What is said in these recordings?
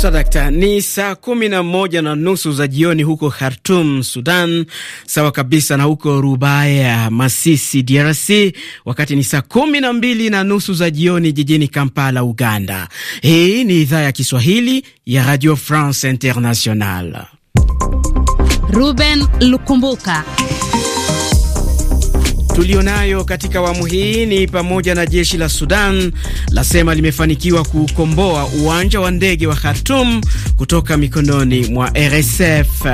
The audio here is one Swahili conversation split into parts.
kabisa dakta. Ni saa kumi na moja na nusu za jioni huko Khartum, Sudan, sawa kabisa na huko Rubaya, Masisi, DRC, wakati ni saa kumi na mbili na nusu za jioni jijini Kampala, Uganda. Hii ni idhaa ya Kiswahili ya Radio France International. Ruben Lukumbuka nayo katika awamu hii ni pamoja na jeshi la Sudan lasema limefanikiwa kukomboa uwanja wa ndege wa Khartoum kutoka mikononi mwa RSF.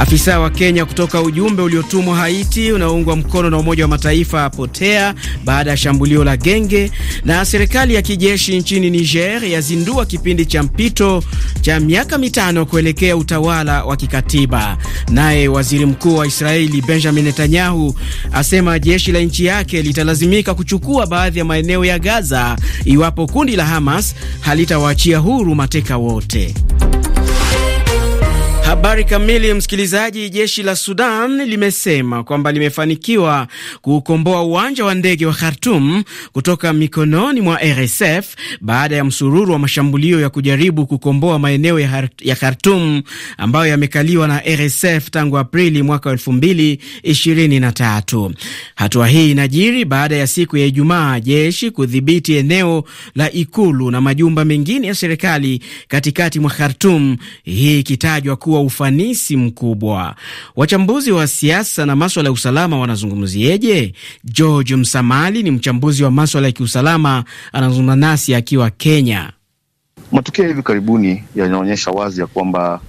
Afisa wa Kenya kutoka ujumbe uliotumwa Haiti unaoungwa mkono na Umoja wa Mataifa apotea baada ya shambulio la genge, na serikali ya kijeshi nchini Niger yazindua kipindi cha mpito cha miaka mitano kuelekea utawala wa kikatiba. Naye waziri mkuu wa Israeli Benjamin Netanyahu asema jeshi la nchi yake litalazimika kuchukua baadhi ya maeneo ya Gaza iwapo kundi la Hamas halitawaachia huru mateka wote. Habari kamili, msikilizaji. Jeshi la Sudan limesema kwamba limefanikiwa kuukomboa uwanja wa ndege wa Khartum kutoka mikononi mwa RSF baada ya msururu wa mashambulio ya kujaribu kukomboa maeneo ya Khartum ambayo yamekaliwa na RSF tangu Aprili mwaka 2023. Hatua hii inajiri baada ya siku ya Ijumaa jeshi kudhibiti eneo la ikulu na majumba mengine ya serikali katikati mwa Khartum, hii ikitajwa kuwa ufanisi mkubwa. Wachambuzi wa siasa na maswala ya usalama wanazungumzieje? George Msamali ni mchambuzi wa maswala ya kiusalama, anazungumza nasi akiwa Kenya. Matukio hivi karibuni yanaonyesha wazi ya kwamba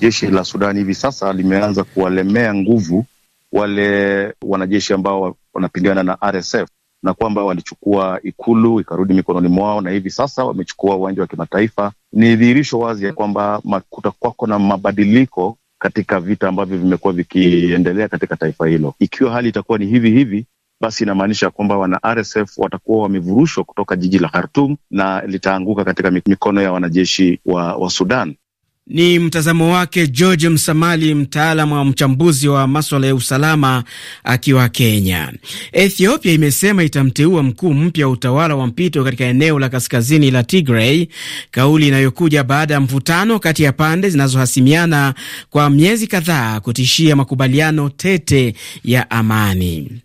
jeshi la Sudani hivi sasa limeanza kuwalemea nguvu wale wanajeshi ambao wanapingana na RSF na kwamba walichukua ikulu ikarudi mikononi mwao, na hivi sasa wamechukua uwanja wa kimataifa. Ni dhihirisho wazi ya kwamba kutakuwako na mabadiliko katika vita ambavyo vimekuwa vikiendelea katika taifa hilo. Ikiwa hali itakuwa ni hivi hivi, basi inamaanisha kwamba wana RSF watakuwa wamevurushwa kutoka jiji la Khartum na litaanguka katika mikono ya wanajeshi wa, wa Sudan. Ni mtazamo wake George Msamali, mtaalam wa mchambuzi wa maswala ya usalama akiwa Kenya. Ethiopia imesema itamteua mkuu mpya wa utawala wa mpito katika eneo la kaskazini la Tigray, kauli inayokuja baada ya mvutano kati ya pande zinazohasimiana kwa miezi kadhaa kutishia makubaliano tete ya amani.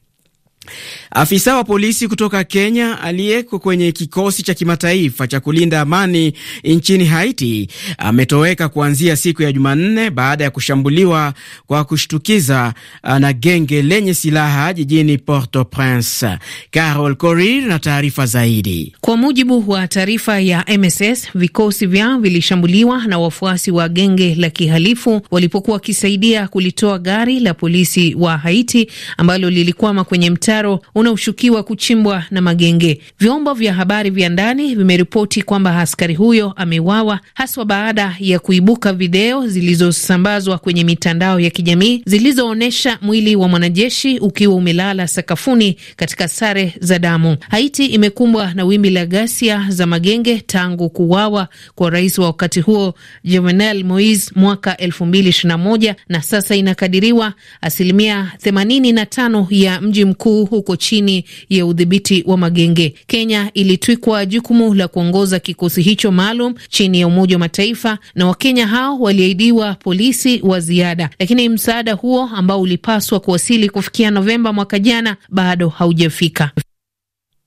Afisa wa polisi kutoka Kenya aliyeko kwenye kikosi cha kimataifa cha kulinda amani nchini Haiti ametoweka kuanzia siku ya Jumanne baada ya kushambuliwa kwa kushtukiza uh, na genge lenye silaha jijini Port-au-Prince. Carol Korir na taarifa zaidi. Kwa mujibu wa taarifa ya MSS, vikosi vyao vilishambuliwa na wafuasi wa genge la kihalifu walipokuwa wakisaidia kulitoa gari la polisi wa Haiti ambalo lilikwama kwenye mtaa mtaro unaoshukiwa kuchimbwa na magenge. Vyombo vya habari vya ndani vimeripoti kwamba askari huyo ameuawa haswa baada ya kuibuka video zilizosambazwa kwenye mitandao ya kijamii zilizoonyesha mwili wa mwanajeshi ukiwa umelala sakafuni katika sare za damu. Haiti imekumbwa na wimbi la ghasia za magenge tangu kuuawa kwa rais wa wakati huo Jovenel Moise mwaka 2021 na sasa inakadiriwa asilimia 85 ya mji mkuu mkuu huko chini ya udhibiti wa magenge. Kenya ilitwikwa jukumu la kuongoza kikosi hicho maalum chini ya Umoja wa Mataifa, na Wakenya hao waliahidiwa polisi wa ziada, lakini msaada huo ambao ulipaswa kuwasili kufikia Novemba mwaka jana bado haujafika.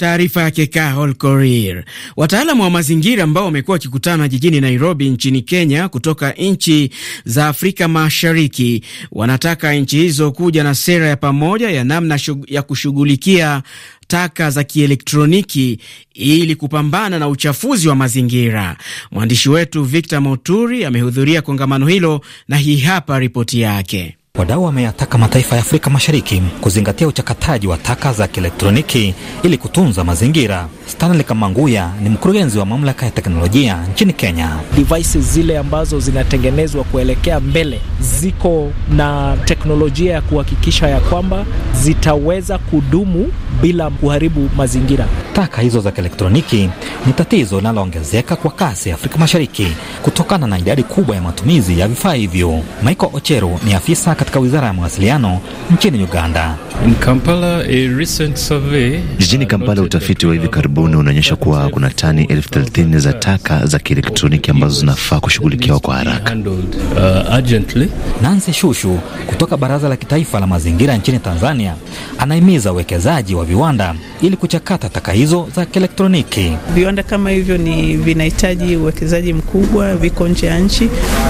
Taarifa yake Carol Corir. Wataalamu wa mazingira ambao wamekuwa wakikutana jijini Nairobi nchini Kenya kutoka nchi za Afrika Mashariki wanataka nchi hizo kuja na sera ya pamoja ya namna ya kushughulikia taka za kielektroniki ili kupambana na uchafuzi wa mazingira. Mwandishi wetu Victor Moturi amehudhuria kongamano hilo na hii hapa ripoti yake. Wadau wameyataka mataifa ya Afrika Mashariki kuzingatia uchakataji wa taka za kielektroniki ili kutunza mazingira. Stanley Kamanguya ni mkurugenzi wa mamlaka ya teknolojia nchini Kenya. Devices zile ambazo zinatengenezwa kuelekea mbele ziko na teknolojia ya kuhakikisha ya kwamba zitaweza kudumu bila kuharibu mazingira. Taka hizo za kielektroniki ni tatizo linaloongezeka kwa kasi Afrika Mashariki kutokana na idadi kubwa ya matumizi ya vifaa hivyo. Michael Ochero ni afisa katika wizara ya mawasiliano nchini Uganda. Kampala, a recent survey... jijini Kampala, utafiti wa hivi karibuni unaonyesha kuwa kuna tani elfu thelathini za taka za kielektroniki ambazo zinafaa kushughulikiwa kwa haraka. Uh, Nancy Shushu kutoka Baraza la Kitaifa la Mazingira nchini Tanzania anahimiza uwekezaji wa viwanda ili kuchakata taka hizo za kielektroniki. Viwanda kama hivyo ni vinahitaji uwekezaji mkubwa, viko nje ya nchi.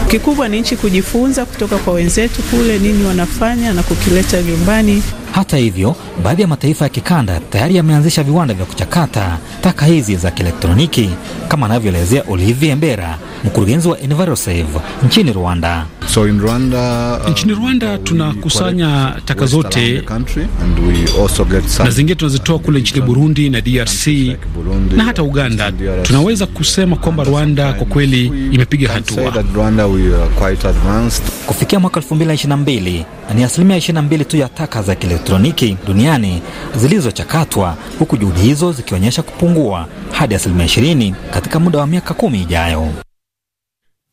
Kikubwa ni nchi kujifunza kutoka kwa wenzetu kule, nini wanafanya na kukileta nyumbani. Hata hivyo, baadhi ya mataifa ya kikanda tayari yameanzisha viwanda vya kuchakata taka hizi za kielektroniki, kama anavyoelezea Olivier Mbera, mkurugenzi wa Envirosave nchini Rwanda. So in Rwanda, uh, nchini Rwanda uh, tunakusanya taka zote na zingine tunazitoa kule nchini Burundi na DRC like Burundi, na hata Uganda DRC. Tunaweza kusema kwamba Rwanda kwa kweli imepiga hatua. Kufikia mwaka 2022 ni asilimia 22 tu ya taka za kielektroniki duniani zilizochakatwa, huku juhudi hizo zikionyesha kupungua hadi asilimia 20 katika muda wa miaka kumi ijayo.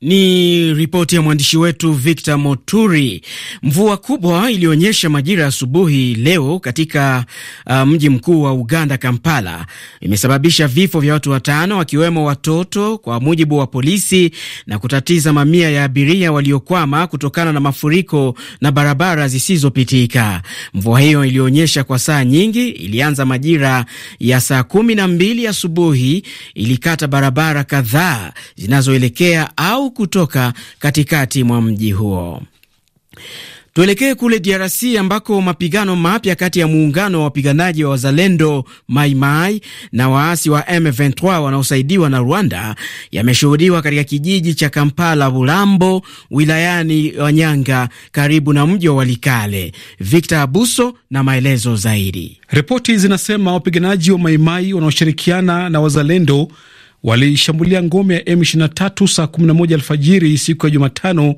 Ni ripoti ya mwandishi wetu Victor Moturi. Mvua kubwa iliyoonyesha majira ya asubuhi leo katika uh, mji mkuu wa Uganda, Kampala, imesababisha vifo vya watu watano wakiwemo watoto, kwa mujibu wa polisi, na kutatiza mamia ya abiria waliokwama kutokana na mafuriko na barabara zisizopitika. Mvua hiyo iliyoonyesha kwa saa nyingi ilianza majira ya saa kumi na mbili asubuhi, ilikata barabara kadhaa zinazoelekea au kutoka katikati mwa mji huo. Tuelekee kule DRC ambako mapigano mapya kati ya muungano wa wapiganaji wa wazalendo Maimai na waasi wa M23 wanaosaidiwa na Rwanda yameshuhudiwa katika kijiji cha Kampala Bulambo wilayani Wanyanga karibu na mji wa Walikale. Victor Abuso na maelezo zaidi. Ripoti zinasema wapiganaji wa Maimai wanaoshirikiana na wazalendo walishambulia ngome ya M23 saa 11 alfajiri siku ya Jumatano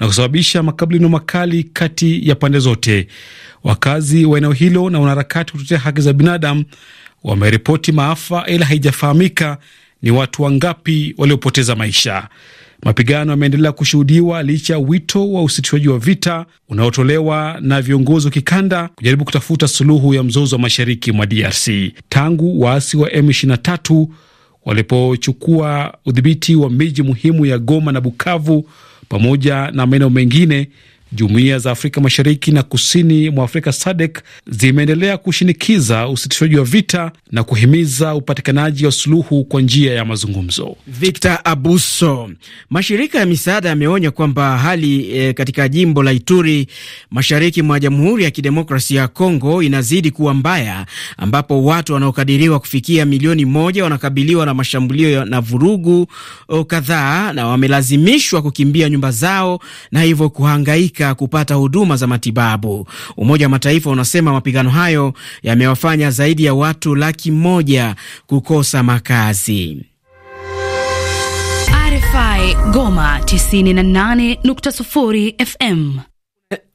na kusababisha makabiliano makali kati ya pande zote. Wakazi wa eneo hilo na wanaharakati kutetea haki za binadamu wameripoti maafa, ila haijafahamika ni watu wangapi waliopoteza maisha. Mapigano yameendelea kushuhudiwa licha ya wito wa usitishwaji wa vita unaotolewa na viongozi wa kikanda kujaribu kutafuta suluhu ya mzozo wa mashariki mwa DRC tangu waasi wa M23 walipochukua udhibiti wa miji muhimu ya Goma na Bukavu pamoja na maeneo mengine Jumuiya za Afrika Mashariki na kusini mwa Afrika SADC zimeendelea kushinikiza usitishwaji wa vita na kuhimiza upatikanaji wa suluhu kwa njia ya mazungumzo. Victor Abuso. Mashirika ya misaada yameonya kwamba hali e, katika jimbo la Ituri mashariki mwa Jamhuri ya Kidemokrasia ya Kongo inazidi kuwa mbaya, ambapo watu wanaokadiriwa kufikia milioni moja wanakabiliwa na mashambulio na vurugu oh, kadhaa na wamelazimishwa kukimbia nyumba zao na hivyo kuhangaika Afrika kupata huduma za matibabu. Umoja wa Mataifa unasema mapigano hayo yamewafanya zaidi ya watu laki moja kukosa makazi. RFI Goma 98.0 FM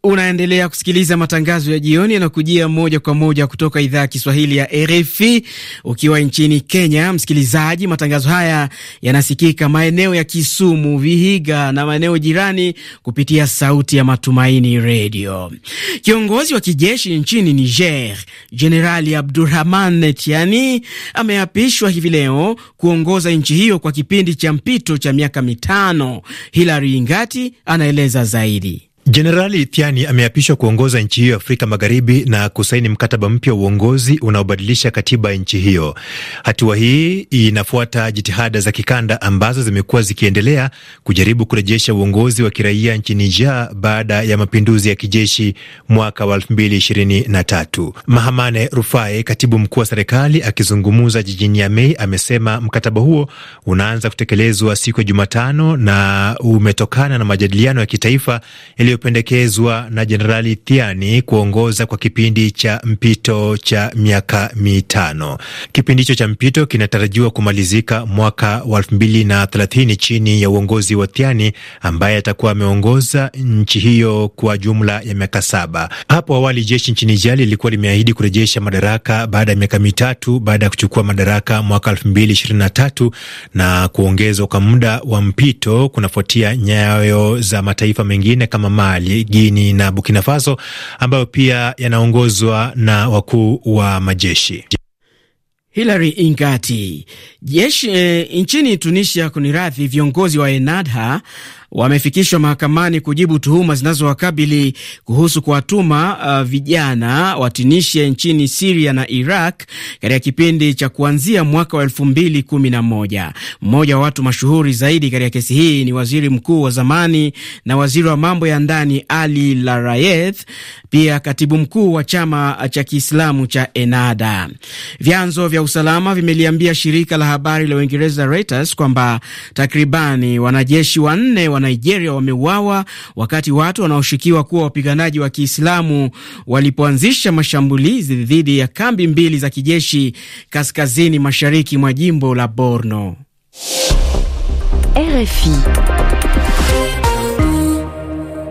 Unaendelea kusikiliza matangazo ya jioni yanakujia moja kwa moja kutoka idhaa ya Kiswahili ya RFI ukiwa nchini Kenya. Msikilizaji, matangazo haya yanasikika maeneo ya Kisumu, Vihiga na maeneo jirani kupitia Sauti ya Matumaini Redio. Kiongozi wa kijeshi nchini Niger, Jenerali Abdurahman Tiani ameapishwa hivi leo kuongoza nchi hiyo kwa kipindi cha mpito cha miaka mitano. Hilary Ingati anaeleza zaidi. Jenerali Itiani ameapishwa kuongoza nchi hiyo Afrika Magharibi na kusaini mkataba mpya wa uongozi unaobadilisha katiba ya nchi hiyo. Hatua hii inafuata jitihada za kikanda ambazo zimekuwa zikiendelea kujaribu kurejesha uongozi wa kiraia nchini Niger baada ya mapinduzi ya kijeshi mwaka wa tatu. Mahamane Rufai, katibu mkuu wa serikali, akizungumza jijini Niamey, amesema mkataba huo unaanza kutekelezwa siku ya Jumatano na umetokana na majadiliano ya kitaifa yaliyo iliyopendekezwa na Jenerali Tiani kuongoza kwa kipindi cha mpito cha miaka mitano. Kipindi hicho cha mpito kinatarajiwa kumalizika mwaka wa elfu mbili na thelathini chini ya uongozi wa Tiani ambaye atakuwa ameongoza nchi hiyo kwa jumla ya miaka saba. Hapo awali jeshi nchini Jali lilikuwa limeahidi kurejesha madaraka baada ya miaka mitatu baada ya kuchukua madaraka mwaka elfu mbili ishirini na tatu na kuongezwa kwa muda wa mpito kunafuatia nyayo za mataifa mengine kama Mali, Guini na Burkina Faso, ambayo pia yanaongozwa na wakuu wa majeshi. Hilary Ingati. Jeshi, e, nchini Tunisia kuniradhi, viongozi wa enadha wamefikishwa mahakamani kujibu tuhuma zinazowakabili kuhusu kuwatuma uh, vijana wa nchini Siria na Iraq katika kipindi cha kuanzia mwaka wa elfu mbili kumi na moja. Mmoja wa watu mashuhuri zaidi katika kesi hii ni waziri mkuu wa zamani na waziri wa mambo ya ndani Ali Larayeth, pia katibu mkuu wa chama cha Kiislamu cha Enada. Vyanzo vya usalama vimeliambia shirika la habari la Uingereza Reuters kwamba takribani wanajeshi wanne wana Nigeria wameuawa wakati watu wanaoshukiwa kuwa wapiganaji wa Kiislamu walipoanzisha mashambulizi dhidi ya kambi mbili za kijeshi kaskazini mashariki mwa jimbo la Borno. RFI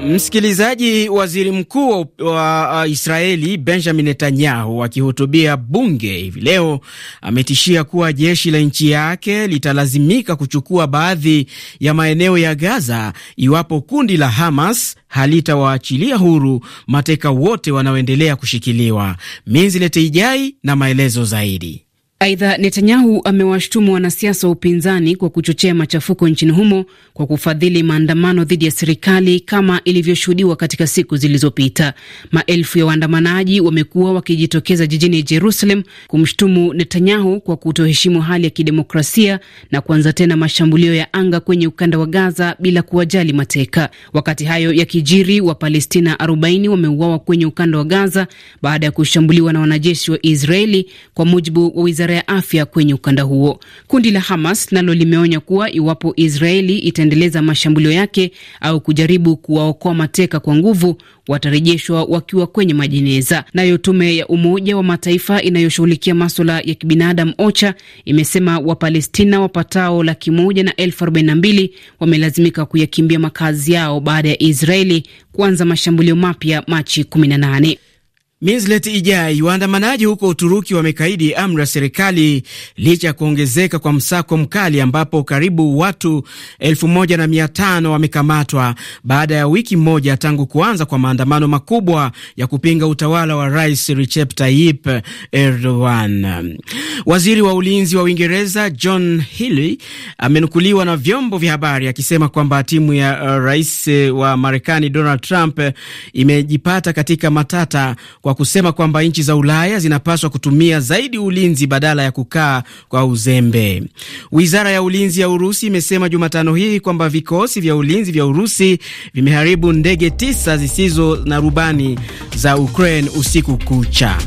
Msikilizaji, waziri mkuu wa uh, Israeli Benjamin Netanyahu akihutubia bunge hivi leo ametishia kuwa jeshi la nchi yake litalazimika kuchukua baadhi ya maeneo ya Gaza iwapo kundi la Hamas halitawaachilia huru mateka wote wanaoendelea kushikiliwa. Minzilete Ijai na maelezo zaidi. Aidha, Netanyahu amewashtumu wanasiasa wa upinzani kwa kuchochea machafuko nchini humo kwa kufadhili maandamano dhidi ya serikali kama ilivyoshuhudiwa katika siku zilizopita. Maelfu ya waandamanaji wamekuwa wakijitokeza jijini Jerusalem kumshtumu Netanyahu kwa kutoheshimu hali ya kidemokrasia na kuanza tena mashambulio ya anga kwenye ukanda wa Gaza bila kuwajali mateka. Wakati hayo yakijiri, Wapalestina 40 wameuawa kwenye ukanda wa Gaza baada ya kushambuliwa na wanajeshi wa Israeli, kwa mujibu wa wizara ya afya kwenye ukanda huo. Kundi la Hamas nalo limeonya kuwa iwapo Israeli itaendeleza mashambulio yake au kujaribu kuwaokoa mateka kwa nguvu, watarejeshwa wakiwa kwenye majeneza. Nayo tume ya Umoja wa Mataifa inayoshughulikia maswala ya kibinadamu OCHA imesema Wapalestina wapatao laki moja na elfu arobaini na mbili wamelazimika kuyakimbia makazi yao baada ya Israeli kuanza mashambulio mapya Machi 18 minslet Ijai, waandamanaji huko Uturuki wamekaidi amri ya serikali licha ya kuongezeka kwa msako mkali ambapo karibu watu elfu moja na mia tano wamekamatwa baada ya wiki moja tangu kuanza kwa maandamano makubwa ya kupinga utawala wa Rais Recep Tayyip Erdogan. Waziri wa ulinzi wa Uingereza John Healey amenukuliwa na vyombo vya habari akisema kwamba timu ya uh, rais eh, wa Marekani Donald Trump imejipata katika matata kwa kusema kwamba nchi za Ulaya zinapaswa kutumia zaidi ulinzi badala ya kukaa kwa uzembe. Wizara ya ulinzi ya Urusi imesema Jumatano hii kwamba vikosi vya ulinzi vya Urusi vimeharibu ndege tisa zisizo na rubani za Ukraine usiku kucha.